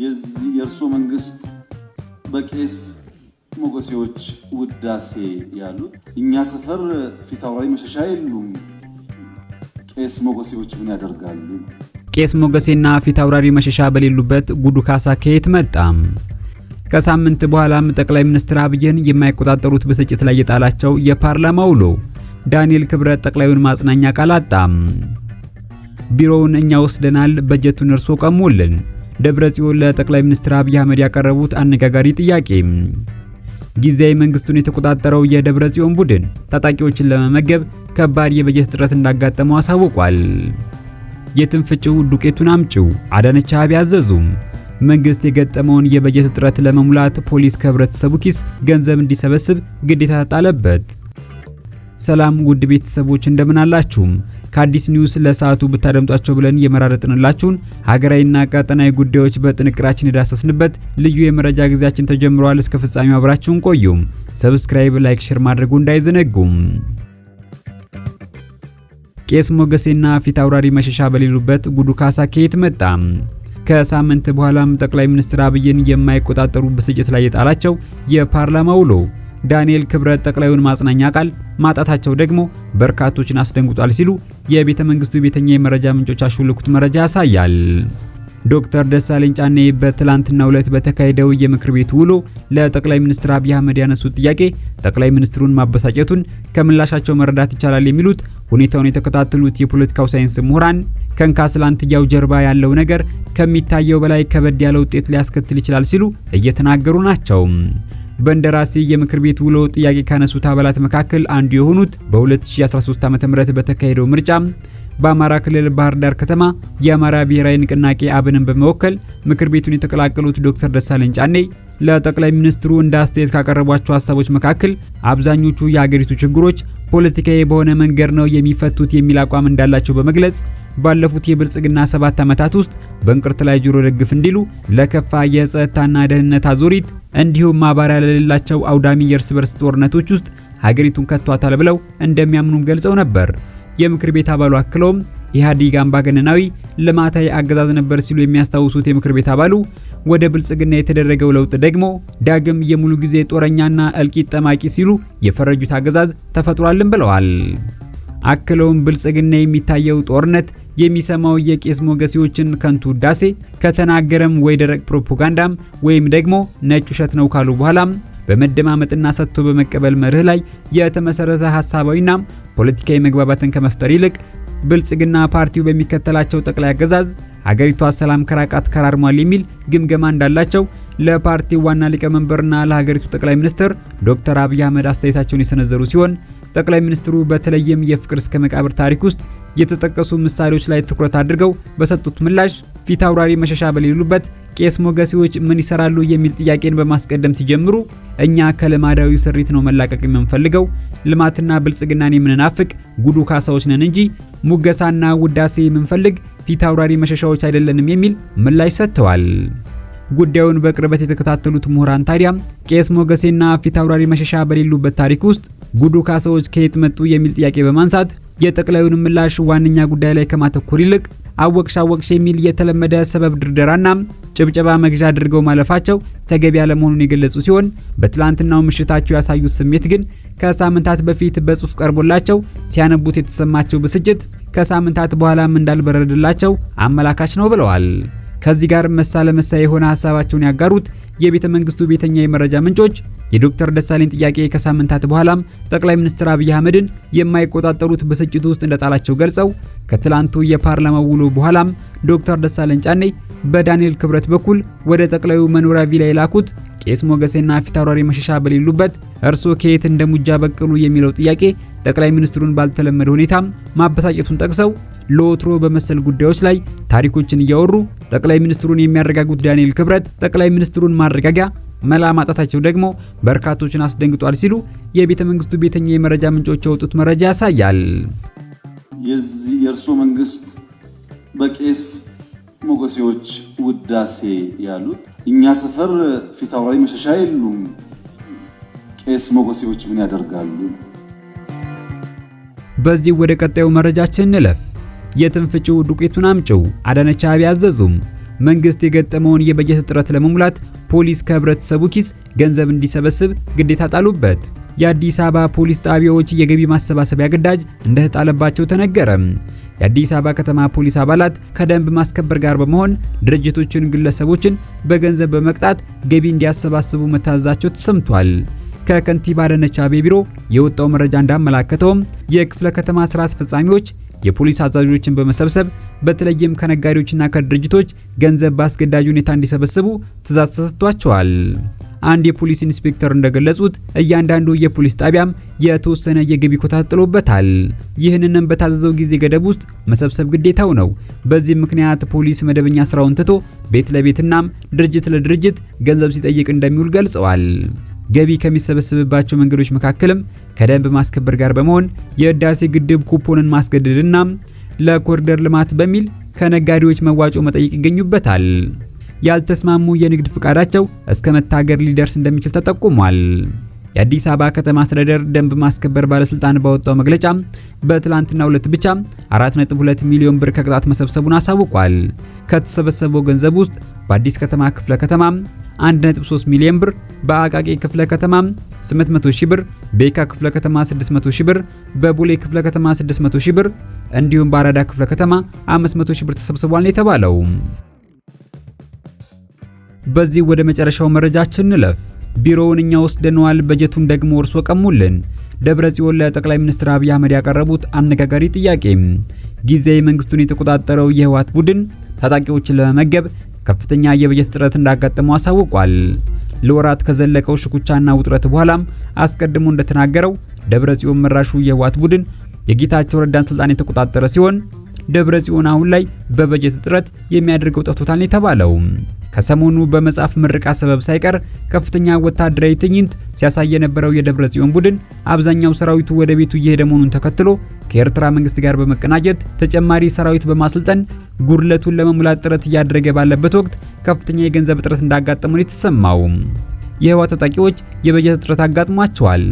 የእርሶ መንግስት በቄስ ሞገሴዎች ውዳሴ ያሉት እኛ ሰፈር ፊታውራሪ መሸሻ የሉም፣ ቄስ ሞገሴዎች ምን ያደርጋሉ? ቄስ ሞገሴና ፊታውራሪ መሸሻ በሌሉበት ጉዱ ካሳ ከየት መጣም? ከሳምንት በኋላም ጠቅላይ ሚኒስትር አብይን የማይቆጣጠሩት ብስጭት ላይ የጣላቸው የፓርላማ ውሎ ዳንኤል ክብረት ጠቅላዩን ማጽናኛ ቃል አጣም። ቢሮውን እኛ ወስደናል፣ በጀቱን እርሶ ቀሙልን ደብረ ጽዮን ለጠቅላይ ሚኒስትር አብይ አህመድ ያቀረቡት አነጋጋሪ ጥያቄ። ጊዜያዊ መንግስቱን የተቆጣጠረው የደብረ ጽዮን ቡድን ታጣቂዎችን ለመመገብ ከባድ የበጀት እጥረት እንዳጋጠመው አሳውቋል። የትም ዱቄቱን አምጪው አዳነች አቤቤ አዘዙ። መንግስት የገጠመውን የበጀት እጥረት ለመሙላት ፖሊስ ከህብረተሰቡ ኪስ ገንዘብ እንዲሰበስብ ግዴታ ጣለበት። ሰላም ውድ ቤተሰቦች እንደምን አላችሁም? ከአዲስ ኒውስ ለሰዓቱ ብታደምጧቸው ብለን የመራረጥንላችሁን ሀገራዊና ቀጠናዊ ጉዳዮች በጥንቅራችን የዳሰስንበት ልዩ የመረጃ ጊዜያችን ተጀምሯል። እስከ ፍጻሜው አብራችሁን ቆዩም። ሰብስክራይብ፣ ላይክ፣ ሼር ማድረጉ እንዳይዘነጉም። ቄስ ሞገሴና ፊት አውራሪ መሸሻ በሌሉበት ጉዱ ካሳ ከየት መጣ? ከሳምንት በኋላም ጠቅላይ ሚኒስትር አብይን የማይቆጣጠሩ ብስጭት ላይ የጣላቸው የፓርላማ ውሎ ዳንኤል ክብረት ጠቅላዩን ማጽናኛ ቃል ማጣታቸው ደግሞ በርካቶችን አስደንግጧል ሲሉ የቤተ መንግስቱ ቤተኛ የመረጃ ምንጮች አሹልኩት መረጃ ያሳያል። ዶክተር ደሳለኝ ጫኔ በትላንትናው ዕለት በተካሄደው የምክር ቤቱ ውሎ ለጠቅላይ ሚኒስትር አብይ አህመድ ያነሱት ጥያቄ ጠቅላይ ሚኒስትሩን ማበሳጨቱን ከምላሻቸው መረዳት ይቻላል የሚሉት ሁኔታውን የተከታተሉት የፖለቲካው ሳይንስ ምሁራን ከንካስላንትያው ጀርባ ያለው ነገር ከሚታየው በላይ ከበድ ያለ ውጤት ሊያስከትል ይችላል ሲሉ እየተናገሩ ናቸው። በእንደራሴ የምክር ቤት ውሎ ጥያቄ ካነሱት አባላት መካከል አንዱ የሆኑት በ2013 ዓ.ም በተካሄደው ምርጫ በአማራ ክልል ባህር ዳር ከተማ የአማራ ብሔራዊ ንቅናቄ አብንን በመወከል ምክር ቤቱን የተቀላቀሉት ዶክተር ደሳለኝ ጫኔ ለጠቅላይ ሚኒስትሩ እንደ አስተያየት ካቀረቧቸው ሀሳቦች መካከል አብዛኞቹ የሀገሪቱ ችግሮች ፖለቲካዊ በሆነ መንገድ ነው የሚፈቱት የሚል አቋም እንዳላቸው በመግለጽ ባለፉት የብልጽግና ሰባት ዓመታት ውስጥ በእንቅርት ላይ ጆሮ ደግፍ እንዲሉ ለከፋ የጸጥታና ደህንነት አዙሪት እንዲሁም ማባሪያ ለሌላቸው አውዳሚ የእርስ በርስ ጦርነቶች ውስጥ ሀገሪቱን ከቷታል ብለው እንደሚያምኑም ገልጸው ነበር። የምክር ቤት አባሉ አክለውም ኢህአዴግ አምባገነናዊ ልማታዊ አገዛዝ ነበር ሲሉ የሚያስታውሱት የምክር ቤት አባሉ ወደ ብልጽግና የተደረገው ለውጥ ደግሞ ዳግም የሙሉ ጊዜ ጦረኛና እልቂት ጠማቂ ሲሉ የፈረጁት አገዛዝ ተፈጥሯልን ብለዋል። አክለውም ብልጽግና የሚታየው ጦርነት የሚሰማው የቄስ ሞገሴዎችን ከንቱ ውዳሴ ከተናገረም ወይ ደረቅ ፕሮፓጋንዳም ወይም ደግሞ ነጭ ውሸት ነው ካሉ በኋላም በመደማመጥና ሰጥቶ በመቀበል መርህ ላይ የተመሰረተ ሀሳባዊና ፖለቲካዊ መግባባትን ከመፍጠር ይልቅ ብልጽግና ፓርቲው በሚከተላቸው ጠቅላይ አገዛዝ ሀገሪቷ ሰላም ከራቃት ከራርሟል የሚል ግምገማ እንዳላቸው ለፓርቲው ዋና ሊቀመንበርና ለሀገሪቱ ጠቅላይ ሚኒስትር ዶክተር አብይ አህመድ አስተያየታቸውን የሰነዘሩ ሲሆን ጠቅላይ ሚኒስትሩ በተለይም የፍቅር እስከ መቃብር ታሪክ ውስጥ የተጠቀሱ ምሳሌዎች ላይ ትኩረት አድርገው በሰጡት ምላሽ ፊት አውራሪ መሸሻ በሌሉበት ቄስ ሞገሴዎች ምን ይሰራሉ የሚል ጥያቄን በማስቀደም ሲጀምሩ እኛ ከልማዳዊ ስሪት ነው መላቀቅ የምንፈልገው፣ ልማትና ብልጽግናን የምንናፍቅ ጉዱ ካሳዎች ነን እንጂ ሙገሳና ውዳሴ የምንፈልግ ፊት አውራሪ መሸሻዎች አይደለንም የሚል ምላሽ ሰጥተዋል። ጉዳዩን በቅርበት የተከታተሉት ምሁራን ታዲያ ቄስ ሞገሴና ፊት አውራሪ መሸሻ በሌሉበት ታሪክ ውስጥ ጉዱ ካሳዎች ከየት መጡ የሚል ጥያቄ በማንሳት የጠቅላዩን ምላሽ ዋነኛ ጉዳይ ላይ ከማተኮር ይልቅ አወቅሽ አወቅሽ የሚል የተለመደ ሰበብ ድርደራና ጭብጨባ መግዣ አድርገው ማለፋቸው ተገቢ ያለመሆኑን የገለጹ ሲሆን በትላንትናው ምሽታቸው ያሳዩት ስሜት ግን ከሳምንታት በፊት በጽሁፍ ቀርቦላቸው ሲያነቡት የተሰማቸው ብስጭት ከሳምንታት በኋላም እንዳልበረደላቸው አመላካች ነው ብለዋል። ከዚህ ጋር መሳ ለመሳ የሆነ ሀሳባቸውን ያጋሩት የቤተ መንግስቱ ቤተኛ የመረጃ ምንጮች የዶክተር ደሳለኝ ጥያቄ ከሳምንታት በኋላም ጠቅላይ ሚኒስትር አብይ አህመድን የማይቆጣጠሩት ብስጭት ውስጥ እንደጣላቸው ገልጸው ከትላንቱ የፓርላማው ውሎ በኋላም ዶክተር ደሳለኝ ጫኔ በዳንኤል ክብረት በኩል ወደ ጠቅላዩ መኖሪያ ቪላ የላኩት ቄስ ሞገሴና ፊታውራሪ መሸሻ በሌሉበት እርሶ ከየት እንደሙጃ በቀሉ የሚለው ጥያቄ ጠቅላይ ሚኒስትሩን ባልተለመደ ሁኔታ ማበሳጨቱን ጠቅሰው ለወትሮ በመሰል ጉዳዮች ላይ ታሪኮችን እያወሩ ጠቅላይ ሚኒስትሩን የሚያረጋጉት ዳንኤል ክብረት ጠቅላይ ሚኒስትሩን ማረጋጋ። መላ ማጣታቸው ደግሞ በርካቶችን አስደንግጧል ሲሉ የቤተ መንግስቱ ቤተኛ የመረጃ ምንጮች የወጡት መረጃ ያሳያል። የዚህ የእርሶ መንግስት በቄስ ሞገሴዎች ውዳሴ ያሉት እኛ ሰፈር ፊታውራሪ መሸሻ የሉም። ቄስ ሞገሴዎች ምን ያደርጋሉ? በዚህ ወደ ቀጣዩ መረጃችን እንለፍ። የትንፍጭው ዱቄቱን አምጪው አዳነች አቤቤ አዘዙም። መንግስት የገጠመውን የበጀት እጥረት ለመሙላት ፖሊስ ከህብረተሰቡ ኪስ ገንዘብ እንዲሰበስብ ግዴታ ጣሉበት። የአዲስ አበባ ፖሊስ ጣቢያዎች የገቢ ማሰባሰቢያ ግዳጅ እንደተጣለባቸው ተነገረም። የአዲስ አበባ ከተማ ፖሊስ አባላት ከደንብ ማስከበር ጋር በመሆን ድርጅቶችን፣ ግለሰቦችን በገንዘብ በመቅጣት ገቢ እንዲያሰባስቡ መታዘዛቸው ተሰምቷል። ከከንቲባ አዳነች አቤቤ ቢሮ የወጣው መረጃ እንዳመላከተውም የክፍለ ከተማ ስራ አስፈጻሚዎች የፖሊስ አዛዦችን በመሰብሰብ በተለይም ከነጋዴዎችና ከድርጅቶች ገንዘብ በአስገዳጅ ሁኔታ እንዲሰበስቡ ትዕዛዝ ተሰጥቷቸዋል። አንድ የፖሊስ ኢንስፔክተር እንደገለጹት እያንዳንዱ የፖሊስ ጣቢያም የተወሰነ የገቢ ኮታ ተጥሎበታል። ይህንንም በታዘዘው ጊዜ ገደብ ውስጥ መሰብሰብ ግዴታው ነው። በዚህ ምክንያት ፖሊስ መደበኛ ስራውን ትቶ ቤት ለቤትናም ድርጅት ለድርጅት ገንዘብ ሲጠይቅ እንደሚውል ገልጸዋል። ገቢ ከሚሰበስብባቸው መንገዶች መካከልም ከደንብ ማስከበር ጋር በመሆን የህዳሴ ግድብ ኩፖንን ማስገደድና ለኮሪደር ልማት በሚል ከነጋዴዎች መዋጮ መጠየቅ ይገኙበታል። ያልተስማሙ የንግድ ፍቃዳቸው እስከ መታገር ሊደርስ እንደሚችል ተጠቁሟል። የአዲስ አበባ ከተማ አስተዳደር ደንብ ማስከበር ባለስልጣን ባወጣው መግለጫ በትላንትናው ዕለት ብቻ 4.2 ሚሊዮን ብር ከቅጣት መሰብሰቡን አሳውቋል። ከተሰበሰበው ገንዘብ ውስጥ በአዲስ ከተማ ክፍለ ከተማ 1.3 ሚሊዮን ብር፣ በአቃቂ ክፍለ ከተማ 800 ሺህ ብር፣ በየካ ክፍለ ከተማ 600 ሺህ ብር፣ በቡሌ ክፍለ ከተማ 600 ሺህ ብር እንዲሁም በአራዳ ክፍለ ከተማ 500 ሺህ ብር ተሰብስቧል ነው የተባለው። በዚህ ወደ መጨረሻው መረጃችን እንለፍ። ቢሮውን እኛ ወስደነዋል፣ በጀቱን ደግሞ እርሶ ቀሙልን። ደብረ ጽዮን ለጠቅላይ ሚኒስትር አብይ አህመድ ያቀረቡት አነጋጋሪ ጥያቄ ጊዜ መንግስቱን የተቆጣጠረው የህወሓት ቡድን ታጣቂዎችን ለመመገብ ከፍተኛ የበጀት እጥረት እንዳጋጠመው አሳውቋል። ለወራት ከዘለቀው ሽኩቻና ውጥረት በኋላም አስቀድሞ እንደተናገረው ደብረ ጽዮን መራሹ የህወሓት ቡድን የጌታቸው ረዳን ስልጣን የተቆጣጠረ ሲሆን ደብረ ጽዮን አሁን ላይ በበጀት እጥረት የሚያደርገው ጠፍቶታል የተባለው ከሰሞኑ በመጽሐፍ ምርቃ ሰበብ ሳይቀር ከፍተኛ ወታደራዊ ትዕይንት ሲያሳይ የነበረው የደብረ ጽዮን ቡድን አብዛኛው ሰራዊቱ ወደ ቤቱ እየሄደ መሆኑን ተከትሎ ከኤርትራ መንግስት ጋር በመቀናጀት ተጨማሪ ሰራዊት በማሰልጠን ጉድለቱን ለመሙላት ጥረት እያደረገ ባለበት ወቅት ከፍተኛ የገንዘብ እጥረት እንዳጋጠመው የተሰማው የህወሓት ታጣቂዎች የበጀት እጥረት አጋጥሟቸዋል።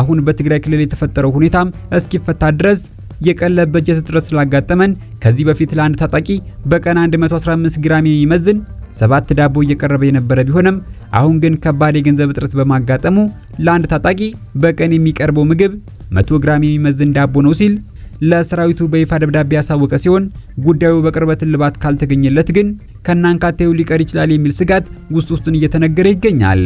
አሁን በትግራይ ክልል የተፈጠረው ሁኔታም እስኪፈታ ድረስ የቀለ በጀት እጥረት ስላጋጠመን ከዚህ በፊት ለአንድ ታጣቂ በቀን 115 ግራም የሚመዝን ሰባት ዳቦ እየቀረበ የነበረ ቢሆንም አሁን ግን ከባድ የገንዘብ እጥረት በማጋጠሙ ለአንድ ታጣቂ በቀን የሚቀርበው ምግብ 100 ግራም የሚመዝን ዳቦ ነው ሲል ለሰራዊቱ በይፋ ደብዳቤ ያሳወቀ ሲሆን ጉዳዩ በቅርበት እልባት ካልተገኘለት ግን ከናንካቴው ሊቀር ይችላል የሚል ስጋት ውስጥ ውስጡን እየተነገረ ይገኛል።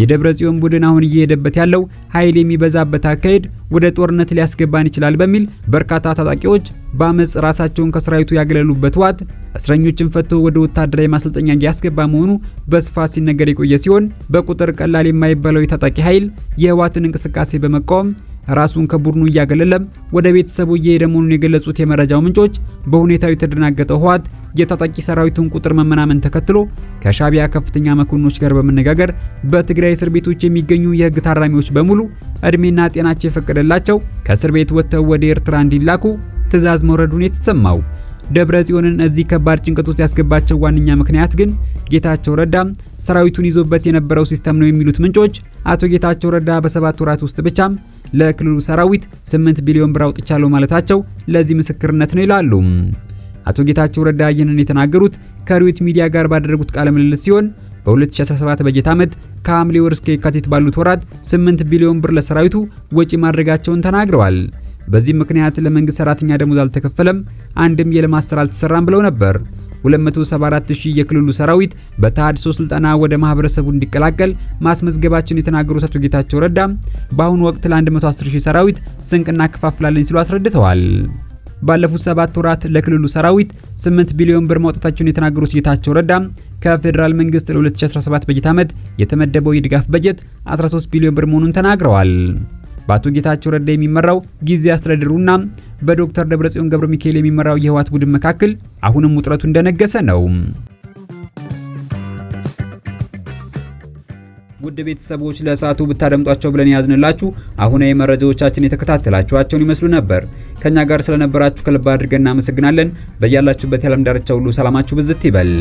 የደብረ ጽዮን ቡድን አሁን እየሄደበት ያለው ኃይል የሚበዛበት አካሄድ ወደ ጦርነት ሊያስገባን ይችላል በሚል በርካታ ታጣቂዎች በአመጽ ራሳቸውን ከሰራዊቱ ያገለሉበት ዋት እስረኞችን ፈቶ ወደ ወታደራዊ ማሰልጠኛ ያስገባ መሆኑ በስፋት ሲነገር የቆየ ሲሆን በቁጥር ቀላል የማይባለው የታጣቂ ኃይል የህወሓትን እንቅስቃሴ በመቃወም ራሱን ከቡድኑ እያገለለም ወደ ቤተሰቡ እየሄደ መሆኑን የገለጹት የመረጃው ምንጮች በሁኔታው የተደናገጠ ህወሓት የታጣቂ ሰራዊቱን ቁጥር መመናመን ተከትሎ ከሻቢያ ከፍተኛ መኮንኖች ጋር በመነጋገር በትግራይ እስር ቤቶች የሚገኙ የህግ ታራሚዎች በሙሉ እድሜና ጤናቸው የፈቀደላቸው ከእስር ቤት ወጥተው ወደ ኤርትራ እንዲላኩ ትዕዛዝ መውረዱን የተሰማው ደብረ ጽዮንን እዚህ ከባድ ጭንቀት ውስጥ ያስገባቸው ዋነኛ ምክንያት ግን ጌታቸው ረዳ ሰራዊቱን ይዞበት የነበረው ሲስተም ነው የሚሉት ምንጮች። አቶ ጌታቸው ረዳ በሰባት ወራት ውስጥ ብቻም ለክልሉ ሰራዊት 8 ቢሊዮን ብር አውጥቻለሁ ማለታቸው ለዚህ ምስክርነት ነው ይላሉ። አቶ ጌታቸው ረዳ ይህንን የተናገሩት ከሪዮት ሚዲያ ጋር ባደረጉት ቃለ ምልልስ ሲሆን በ2017 በጀት ዓመት ከሐምሌ ወር እስከ የካቲት ባሉት ወራት 8 ቢሊዮን ብር ለሰራዊቱ ወጪ ማድረጋቸውን ተናግረዋል። በዚህም ምክንያት ለመንግስት ሰራተኛ ደሞዝ አልተከፈለም፣ አንድም የልማት ስራ አልተሰራም ብለው ነበር። 274000 የክልሉ ሰራዊት በተሃድሶ ስልጠና ወደ ማህበረሰቡ እንዲቀላቀል ማስመዝገባቸውን የተናገሩት አቶ ጌታቸው ረዳ በአሁኑ ወቅት ለ110000 ሰራዊት ስንቅና ከፋፍላለን ሲሉ አስረድተዋል። ባለፉት ሰባት ወራት ለክልሉ ሰራዊት 8 ቢሊዮን ብር ማውጣታቸውን የተናገሩት ጌታቸው ረዳ ከፌዴራል መንግስት ለ2017 በጀት ዓመት የተመደበው የድጋፍ በጀት 13 ቢሊዮን ብር መሆኑን ተናግረዋል። በአቶ ጌታቸው ረዳ የሚመራው ጊዜ አስተዳደሩና በዶክተር ደብረጽዮን ገብረ ሚካኤል የሚመራው የህወሓት ቡድን መካከል አሁንም ውጥረቱ እንደነገሰ ነው። ውድ ቤተሰቦች ለሰዓቱ ብታደምጧቸው ብለን ያዝንላችሁ አሁናዊ መረጃዎቻችን የተከታተላችኋቸውን ይመስሉ ነበር። ከኛ ጋር ስለነበራችሁ ከልብ አድርገን እናመሰግናለን። በያላችሁበት የዓለም ዳርቻ ሁሉ ሰላማችሁ ብዝት ይበል።